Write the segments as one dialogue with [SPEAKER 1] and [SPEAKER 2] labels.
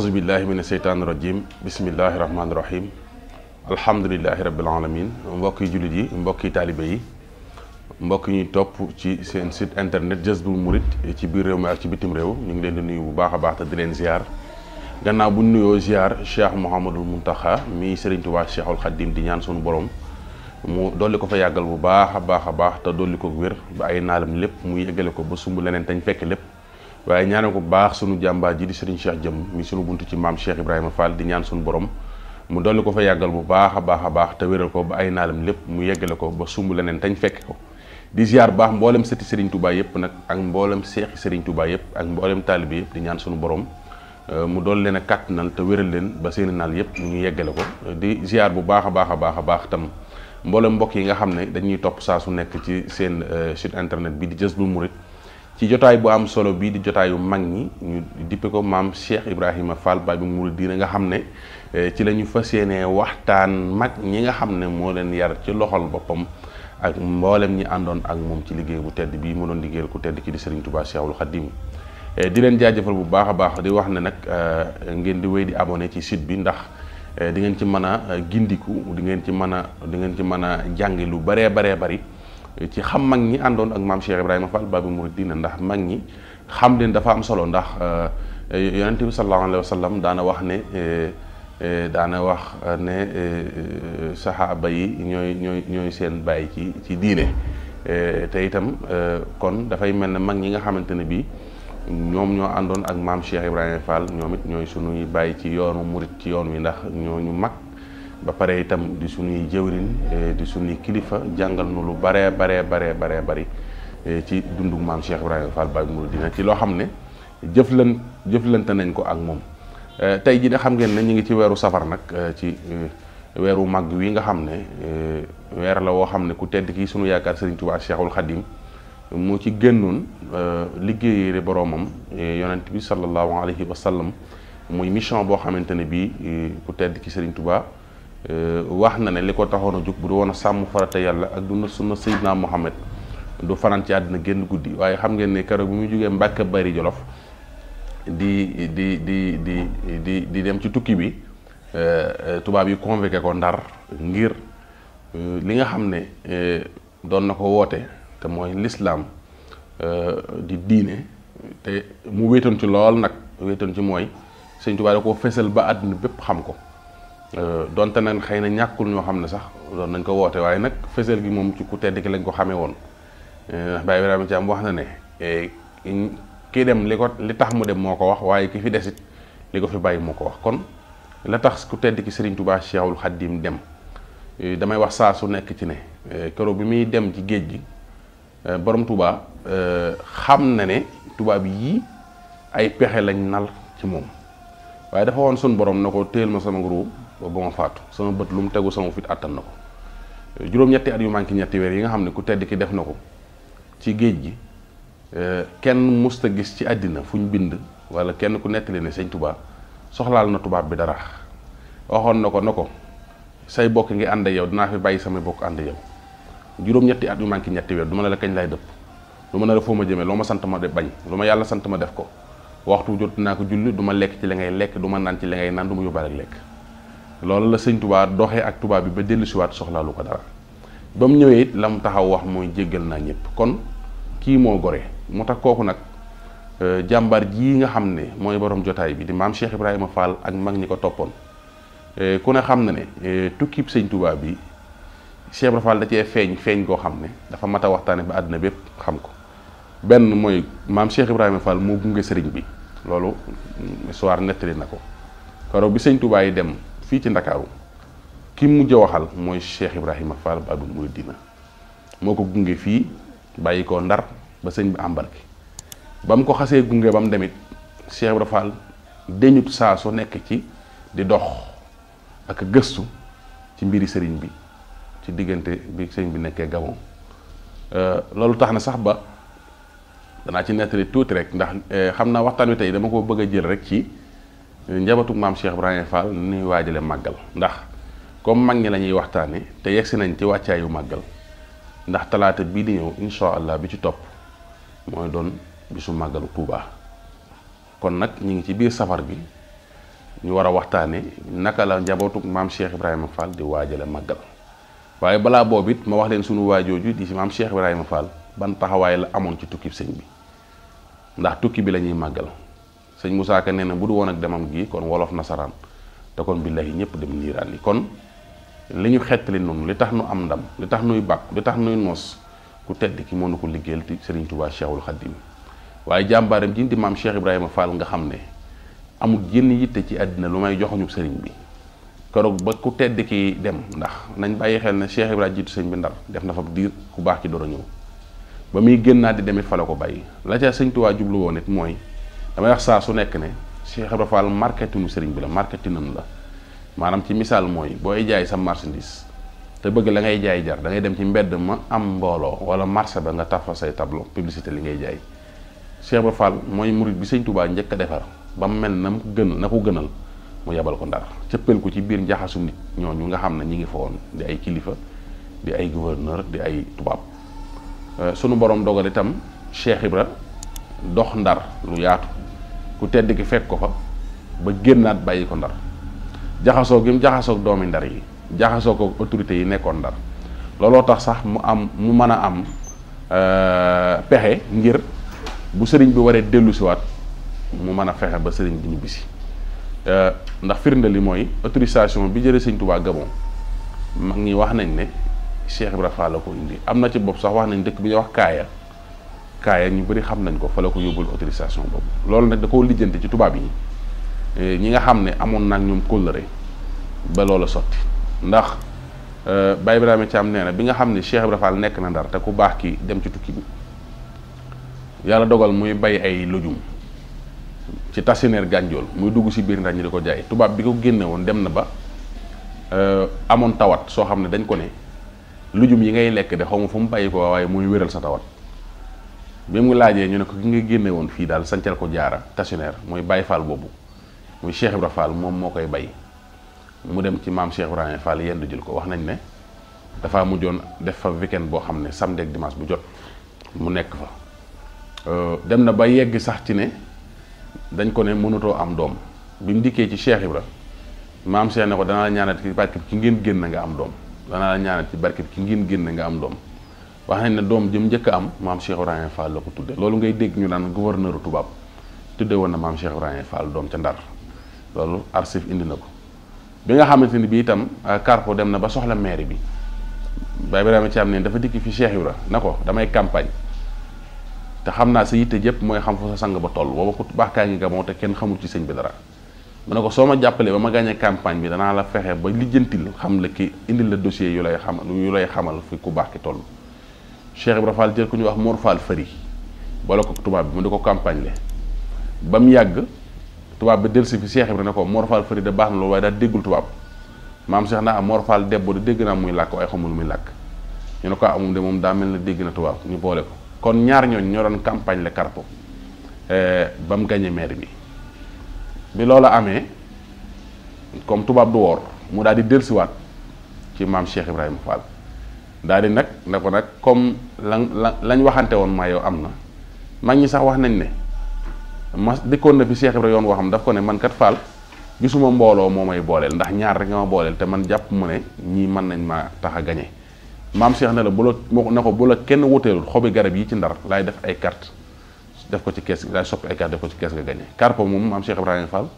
[SPEAKER 1] أعوذ بالله من الشيطان الرجيم بسم الله الرحمن الرحيم الحمد لله رب العالمين مباكي جلدي مباكي تالبي مباكي ني توب سي سين سيت انترنت جذب المريد سي بير ريو مار سي بيتم ريو ني ندي نوي بو باخا باخا دي لين زيار غناو بو نويو زيار شيخ محمد المنتخى مي سيرن توبا شيخ الخديم دي نيان سونو بوروم مو دولي كو فا ياغال بو باخا باخا باخ تا دولي كو وير با اي نالم ليب مو ييغالي كو بو سومبو لنين تاني فيك ليب waaye ñaanee ko baax sunu jàmbaar ji di sëriñ Cheikh Jëm mi sunu bunt ci maam Cheikh Ibrahima Fall di ñaan sunu borom mu dolli ko fa yàggal bu baax a baax a baax te wéral ko ba naalam lépp mu yeggale ko ba sumb leneen tañ fekk ko di ziar baax mboolem sëti sëriñ Touba yëpp nag ak mboolem seexi sëriñ Touba yëpp ak mboolem taalibe di ñaan sunu borom euh, mu dool leen a kàttanal te wéral leen ba seeni naal yëpp mu ñu yeggale ko di ziar bu baax a baax a baax a baax tam mboolem mbokk yi nga xam ne dañuy topp saa su nekk ci seen euh, site internet bi di mu Mouride ci jotaay bu am solo bii di jotaayu mag ñi ñu dippe ko maam Cheikh Ibrahima Fall baay bu murid diine nga xam ne eh, ci la ñu fas yéenee waxtaan mag ñi nga xam ne moo leen yar ci loxol boppam ak mboolem ñi àndoon ak moom ci liggéey bu tedd bii mu doon liggéeyal ku tedd ki di Serigne Touba Cheikhoul Khadim eh, di leen jaajëfal bu baax a baax di wax ne nag eh, ngeen di wéy di abonné ci site bi ndax di ngeen ci mën a gindiku di ngeen ci mën a di ngeen ci mën a jàngi lu baree baree bari ci xam mag ñi àndoon ak maam Cheikh Ibrahima Fall Babu Mouridina ndax mag ñi xam leen dafa am solo ndax euh, yonent bi sallallahu daana wax ne euh, euh, daana wax ne saxaaba yi ñooy ñooy ñooy seen bàyyi ci ci diine te itam kon dafay mel ne mag ñi nga xamante ne bii ñoom ñoo àndoon ak maam Cheikh Ibrahima Fall ñoom it ñooy sunuy bàyyi ci yoonu murit ci yoon wi ndax ñoo ñu mag ba pare itam di suñuy jëwriñ e, di suñuy kilifa jàngal nu lu baree bare baree baree bari e, ci dundu maam Cheikh Ibrahima Fall Baye Mouridina ci loo xam ne jëflan jëflante nañ ko ak moom e, tey ji ne xam ngeen ne ñu ngi ci weeru safar nag ci weeru màgg wi nga xam ne weer la woo xam ne ku tedd ki sunu yaakaar Serigne Touba Cheikhul Khadim mu ci génnoon liggéeyee boroomam yonent bi sallallahu alayhi wa sallam muy mission boo xamante ne bii ku tedd ki Serigne Touba. Euh, wax na ne li ko taxoon a jug bu du woon a sàmm farata yàlla ak du na sunna Seydina Muhammad du fanaan ci àddina génn guddi waaye xam ngeen ne keroog bi muy jógee Mbàkke Bari Jolof di di di di di di dem ci tukki bi euh, tubaab yi convoqué ko Ndar ngir euh, li nga xam ne doon na ko woote te mooy lislaam di diine te mu wéetoon ci lool nag wéetoon ci mooy Sëñ Tuubaa da koo fesal ba àddina bépp xam ko Euh, donte nag xëy na ñàkkul ñoo xam ne sax doon nañ ko woote waaye nag fësal gi moom ci ku tedd ki lañ ko xamee woon ndax euh, Baye Ibrahima wax na ne eh, kii dem li li tax mu dem moo ko wax waaye ki fi desit li ko fi bàyyi moo ko wax kon la tax ku tedd ki Serigne Touba Cheikhul Khadim dem eh, damay wax saa su nekk ci ne eh, keroog bi muy dem ci géej gi borom Touba xam na ne tubaab yii ay pexe lañ nal ci moom waaye dafa woon sun borom na ko téel ma sama nguur ba ma faatu sama bët lu mu tegu sama fit àttan na ko juróom-ñetti at yu manqué ñetti weer yi nga xam ne ku tedd ki def na ko ci géej gi eh, kenn musta gis ci àddina fu ñu bind wala kenn ku nettali ne sëñ Tuubaa soxlaal na tubaab bi dara waxoon na ko ne ko say bokk ngi ànd ak yow dinaa fi bàyyi samay bokk ànd yow juróom-ñetti at yu manqué ñetti weer du ma ne la kañ laay dëpp du ma ne la foo ma jëmee loo ma sant ma de bañ lu ma yàlla sant ma def ko waxtu jot naa ko julli du ma lekk ci li ngay lekk du ma naan ci li ngay naan du ma yóbbaale ak lekk loolu la sëñ tubaa doxee ak tubaab bi ba dellu siwaat soxlaalu ko dara ba mu ñëwee la mu taxaw wax mooy jéggal naa ñëpp kon kii moo gore mu tax kooku nag euh, jàmbar ji nga xam ne mooy borom jotaay bi di maam Cheikh Ibrahima Fall ak mag ñi ko toppoon euh, ku ne xam na ne euh, tukkib sëñ tubaa bi Cheikh Ibrahima da cee feeñ feeñ koo xam ne dafa mat a waxtaane ba àddina bépp xam ko benn mooy maam Cheikh Ibrahima Fall moo gunge sëriñ bi loolu histoire nettali na ko keroog bi sëñ tubaa yi dem fii ci ndakaaru ki mujj waxal mooy Cheikh Ibrahima Fall Babul Mouridina moo ko gunge fii bàyyi ko ndar ba sëñ bi embarqué ba mu ko xasee gunge ba mu demit Cheikh Ibrahima Fall deñut saa su nekk ci di dox ak gëstu ci mbiri sëriñ bi ci diggante bi sëriñ bi nekkee Gabon euh, loolu tax na sax ba danaa ci nettali tuuti rek ndax euh, xam naa waxtaan wi tey dama ko bëgg a jël rek ci njabatuk maam Cheikh ibrahim Fall ni waajale magal ndax comme mag ñi la ñuy te yexsi nañ ci wàccaayu magal ndax talata bi di ñew inshallah allah bi ci top moy doon bisu magal Touba kon nak ñi ngi ci biir safar bi ñu wara waxtane naka la njabatuk maam Cheikh ibrahim Fall di waajale magal waye bala bobit ma wax len sunu wajoju di si Cheikh ibrahim Fall ban taxaway la amon ci tukki sëñ bi ndax tukki bi lañuy magal sëñ Moussa Ka nee budu bu demam gi kon wolof nasaran, te kon billahi ñëpp dem niiraan kon li xettali noonu li tax nu am ndam li tax nuy bàkk li tax nuy noos ku tedd ki moo nu ko ti Serigne Touba Cheikhul Khadim di maam Cheikh Ibrahima Fall nga xam ne amul yenn yitte ci adina lu may joxuñu sëriñ bi keroog ba ku tedd ki dem ndax nañ bayi xel na Cheikh Ibrahima jiitu sëñ bi ndar def na fa diir ku baax ki door a ba muy di demit fa la ko la ca Touba jublu woon moi dama wax sa su nek ne Cheikh Ibra Fall marketing serigne bi la marketinam la manam ci misal moy boy jaay sa marchandise te bëgg la ngay jaay jar da ngay dem ci mbedd ma am mbolo wala marché ba nga tafa say tableau publicité li ngay jaay Cheikh Ibra Fall moy mourid bi serigne Touba ñeek defar ba mel na ko gën na ko gënal mu yabal ko ndar cëppel ko ci biir njaxasu nit ñooñu nga xam ñi ngi fa di ay kilifa di ay gouverneur di ay euh, sunu borom dogal itam Cheikh ibrahim dox ndar lu yaatu ku tedd gi fekk ko fa ba génnaat bàyyi ko ndar jaxasoo gi mu jaxasoo doomi ndar yi jaxasoo ko autorité yi nekkoon ndar looloo tax sax mu am mu mën a am euh, pexe ngir bu sëriñ bi waree dellu siwaat mu mën a fexe ba sëriñ bi ñibbisi euh, ndax firnde li mooy autorisation bi jëlee sëñ Tuubaa Gabon mag wax nañ ne Cheikh Ibra la ko indi am na ci bopp sax wax nañ dëkk bi ñu wax Kaaya kaaya ñu bari xam nañ ko fa la ko yóbbul autorisation boobu loolu nag da koo lijjante ci tubaab yi eh, ñi nga xam ne amoon na ak ñoom kóllëre ba loola sotti ndax eh, Baye Ibrahima Thiam nee na bi nga xam ne Cheikh Ibra Fall nekk na ndar te ku baax ki dem ci tukki bi yàlla dogal muy bay ay lujum ci tasineer gànjool muy dugg si biir ndar ñi di ko jaay tubaab bi ko génne woon dem na ba eh, amoon tawat soo xam ne dañ ko ne lujum yi ngay lekk de xaw ma fu mu bàyyi ko waaye muy wéral sa tawat bi mu laajee ñu ne ko ki nga génne woon fii daal sancal ko jaara tasineer mooy Baye Fall boobu muy Cheikh Ibra moom moo koy bay mu dem ci maam Cheikh Ibrahima Fall yendu jël ko wax nañ ne dafa mujjoon def fa weekend boo xam ne samedi ak dimanche bu jot mu nekk fa euh, dem na ba yegg sax ci ne dañ ko ne mënatoo am doom bi mu dikkee ci Cheikh Ibra maam Cheikh ne ko danaa la ñaanal ci barkeb ki ngeen génn nga am doom danaa la ci barkeb ki ngeen génn nga am doom wax nañ ne doom jëm njëkk am maam Cheikh Ibrahima Fall la ko tudde loolu ngay dégg ñu naan gouverneur tubaab tudde woon na maam Cheikh Ibrahima Fall doom ca Ndar loolu archive indi na ko bi nga xamante ni bi itam euh, Carpo dem na ba soxla maire bi Baye Ibrahima Thiam ne dafa dikk fi Cheikh Ibra na ko damay campagne te xam naa sa yitte jëpp mooy xam fu sa sang ba toll booba ku baax kaa ngi gamoo te kenn xamul ci sëñ bi dara mu ne ko soo ma jàppalee ba ma gàñee campagne bi danaa la fexe ba lijjantil xam la ki indil la dossier yu lay xamal yu lay xamal fi ku baax ki toll Cheikh Ibra Fall jël ku ñuy wax Mor Fall Fari boole ko tubaab bi mu di ko campagne le ba mu yàgg tubaab bi dellusi fi Cheikh Ibra ne ko Mor Fari de baax na loolu waaye daal maam Cheikh naa Mor Fall debbo dégg naa muy làkk waaye xamul muy làkk ñu ko amum ah, de moom daa mel ne dégg na tubaab ñu boole ko kon ñaar ñooñ ñoo campagne le Carpot eh, ba mu bi bi loola amee comme tubaab du woor mu daal di ci maam Cheikh daal di nag ne ko nag comme lan la lañ waxante woon maa yow am na mag ñi sax wax nañ ne ma dikkoon na fi Cheikh Ibra yoon waxam daf ko ne man kat faal gisuma mbooloo moom ay booleel ndax ñaar rek nga ma booleel te man jàpp mu ne ñii mën nañ ma tax a gañe maam Cheikh ne la bu la ne ko bu kenn wuteelul xobi garab yi ci ndar laay def ay carte def ko ci kees laay soppi ay carte def ko ci kees nga gañe carpo moom maam Cheikh Ibrahima Fall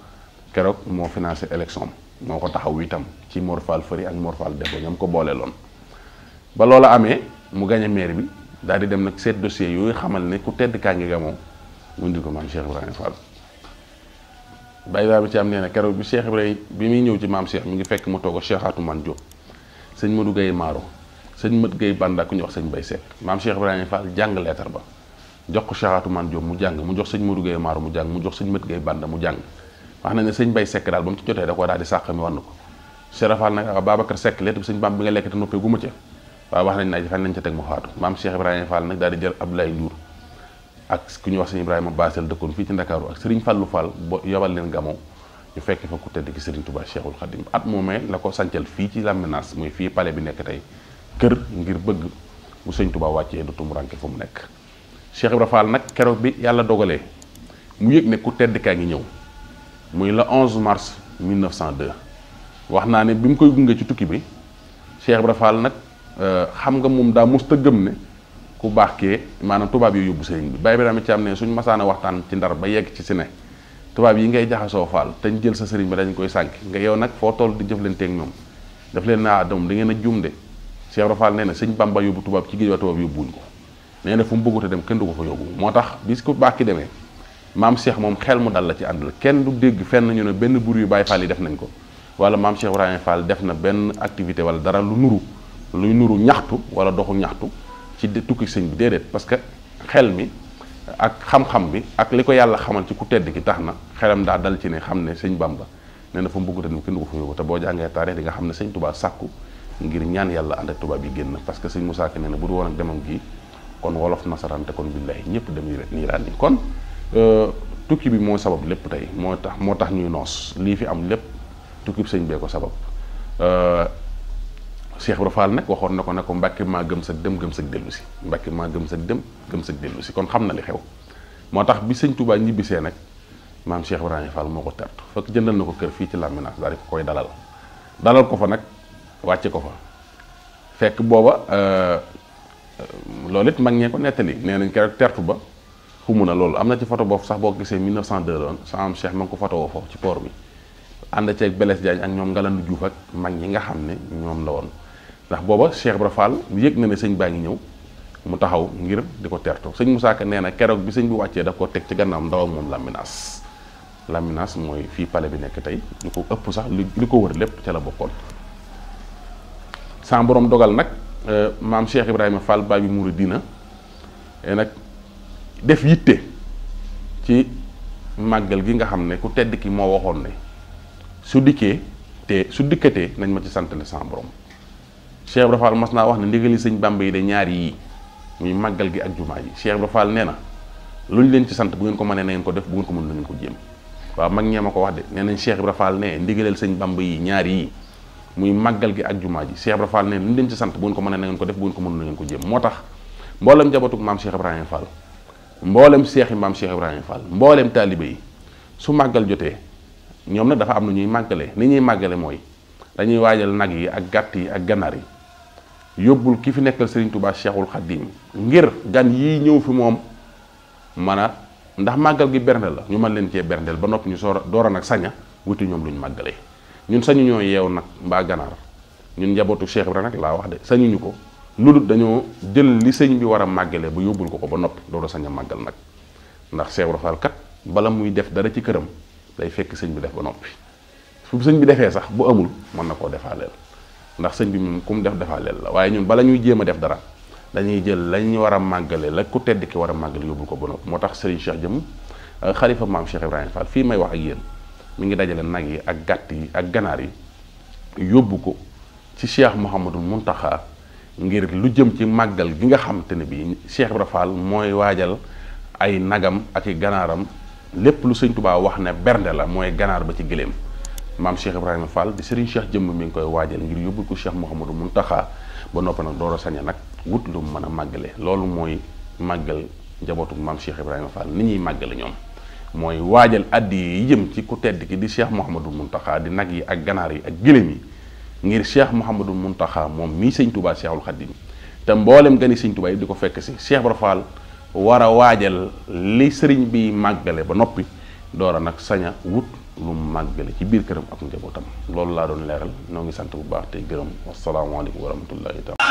[SPEAKER 1] keroog moo financé élection moo ko taxaw itam ci Mor ak Mor Fall ñoom ko booleeloon ba loola amee mu gagné maire bi daal di dem nag seet dossier yooyu xamal ne ku tedd kàngi ga moom mu indi ko maam Cheikh ibrahim Fall Baye Ibrahima Thiam nee na keroog bi Cheikh ibrahim bi muy ñëw ci maam Cheikh mi ngi fekk mu toog Cheikh man Diop sëñ Modou gay Maro sëñ Modou gay Banda ku ñu wax sëñ Baye Seck maam Cheikh ibrahim Fall jàng lettre ba jox ko Cheikh man Diop mu jàng mu jox sëñ Modou gay Maro mu jàng mu jox sëñ Modou gay Banda mu jàng wax na ne sëñ Baye Seck daal ba mu ci jotee da ko daal di sàq mi war na ko Cheikh Fall nag Babacar Seck lettre bi sëñ Bam bi nga lekk te noppee gu ma ca waaye wax nañ ne ay fan nañ ca teg mu faatu maam Cheikh Ibrahima Fall nag daal di jël Abdoulaye Ndour ak ku ñuy wax sëñ Ibrahima Basel dëkkoon fii ci Ndakaaru ak Serigne Fallou Fall ba yabal leen gamoo ñu fekk fa ku tedd ki Serigne Touba Cheikhul Khadim at moomee la ko sancal fii ci Lambinaas mooy fii palais bi nekk tey kër ngir bëgg bu sëñ Touba wàccee du tumuranke fu mu nekk Cheikh Ibrahima Fall nag keroog bi yàlla dogalee mu yëg ne ku tedd kaa ngi ñëw muy le 11 mars 1902 wax naa ne bi mu koy gunge ci tukki bi Cheikh Ibrahima Euh, xam nga moom daa mos ta gëm ne ku baax kee maanaam tubaab yi yóbbu sëriñ bi Baye ci am ne suñ masaana waxtaan ci ndar ba yegg ci si ne tubaab yi ngay jaxasoo faal teñ jël sa sëriñ bi dañ koy sànk nga yow nag foo toll di jëflanteeg ñoom daf leen naa ah, doom da ngeen a juum de Cheikh Rafal nee na sëñ Bamba yóbbu tubaab ci géej waa tubaab yóbbuwuñ ko nee na fu mu bëggute dem kenn du ko fa yóbbu moo tax bis ku baax ki demee maam Cheikh moom xel mu dal la ci àndul kenn du dégg fenn ñu ne benn bur yu Baye Fall yi def nañ ko wala maam Cheikh Ibrahima Fall def na benn activité wala dara lu nuru luy nuru ñaxtu wala doxu ñaxtu ci tukki señ bi dedet parce que xel mi ak xam-xam bi ak liko yalla xamal ci ku tedd gi taxna xelam da dal ci ne xamne señ bamba nee na fa mbugg tamit kenn ko fa yóbbu te boo jàngee taarix di nga xamne señ touba sakku ngir ñaan yalla ànd ak tubaab bi genn parce que señ Moussa ke bu ak demam gi kon wolof nasaran te kon billahi ñepp dem niiraan ni kon euh, tukki bi mo sabab lepp tay motax motax ñuy nos li fi am lepp tukki señ be ko sabab euh, Cheikh Ibra Fall nag waxoon na ko ne ko Mbàkke maa gëm sa dem gëm sa dellu si Mbàkke maa gëm sa dem gëm sa dellu si kon xam na li xew moo tax bi sëñ Touba ñibbisee nag maam Cheikh Ibrahima Fall moo ko tertu fekk jëndal na ko kër fii ci Laminaas daal di ko koy dalal ko fa nag wàcce ko fa fekk booba euh, loolu it mag ñee ko nettali nee nañ keroog tertu ba xumu na loolu am na ci photo boobu sax boo gisee 1902 doon sa am Cheikh ma ngi ko photo woo foofu ci port bi ànd ceeg Blaise Diagne ak ñoom Ngalandou juuf ak mag ñi nga xam ne ñoom la woon ndax booba Cheikh Ibra Fall yéeg na ne sëñ baa ngi ñëw mu taxaw ngir di ko teertu sëñ mu saaka nee na keroog bi sëñ bu wàccee daf ko teg ci gannaawam ndawam moom Laminas Laminas mooy fii pale bi nekk tey lu ko ëpp sax li ko wër lépp ca la bokkoon sans dogal nag euh, maam Cheikh Ibrahima Fall baay bi muuri diina eh, nag def yitte ci màggal gi nga xam ne ku tedd ki moo waxoon ne su dikkee te su dikkatee nañ ma ci santale sans borom Cheikh Ibra Fall mas naa wax ne ndigali sëñ Bamba yi de ñaari yii muy màggal gi ak jumaa ji Cheikh Ibra Fall nee na lu ñu leen ci sant bu ngeen ko mënee na ko def bu ko mën na ngeen ko jéem waaw mag ñee ma ko wax de nee nañ Cheikh Ibra Fall ne ndigaleel sëñ Bamba yi ñaar muy màggal gi ak jumaa ji Cheikh Ibra Fall ne lu leen ci sant bu ko mënee na ngeen ko def bu ngeen ko mën na ngeen ko jéem moo tax mboolem jabatug maam Cheikh Ibrahima Fall mboolem seex yi maam Cheikh Ibrahima Fall mboolem taalibe yi su màggal jotee ñoom na dafa am na ñuy màggale ni ñuy màggale mooy dañuy waajal nag yi ak gàtt yi ak ganaar yi yobul ki fi nekkal Serigne Touba Cheikhul Khadim ngir gan yi ñew fi mom mana ndax magal gi bernde la ñu man leen ci berndeel ba nopi ñu soor door a nag saña wuti ñom luñu magalé ñun sañu ñoo yew nak mba ganar ñun Cheikh nak la wax de sañu ko lu dañu jël li serigne bi wara magalé bu yobul ko ko ba nopi doora a magal nak ndax Cheikh Ibra Fall kat bala muy def dara ci kërëm day fekk serigne bi def ba nopi fu serigne bi defé sax bu amul man nako ndax sëñ bi moom ku mu def defaaleel la waaye ñun bala ñuy jéem a def dara dañuy jël lañ war a màggale la ku tedd ki war a màggale yóbbul ko ba moo tax Serigne Cheikh jëm euh, xalifa maam Cheikh Ibrahima Fall fii may wax ak yéen mu ngi dajale nag yi ak gàtt yi ak ganaar yi yóbbu ko ci Cheikh Mouhamadul Muntaxa ngir lu jëm ci màggal gi nga xamante ne bii Cheikh Ibrahima Fall mooy waajal ay nagam ak i ganaaram lépp lu sëñ Tuubaa wax ne bernde la mooy ganaar ba ci gëléem maam Cheikh Ibrahima Fall di Serigne Cheikh jëm mi ngi koy wajjal ngir yobbu ko Cheikh Mouhamadou muntaha ba nopp nak door sañe nak wut lu mën a loolu mooy màggal njabootu maam Cheikh Ibrahima Fall ni ñi màggale ñom moy wajjal addi yi jëm ci ku tedd ki di Cheikh Mouhamadou muntaha di nag yi ak ganar yi ak gilem yi ngir Cheikh Mouhamadou muntaha mom mi serigne Touba Cheikhul Khadim te mbollem gani serigne Touba yi fekk ci Cheikh Ibra Fall wara wajjal li serigne bi ba noppi door nag sañ a wut lu màggale ci biir këram ak njabootam loolu laa doon leeral noo ngi sant bu baax tey gërëm wasalaamaaleykum wa rahmatullahi taala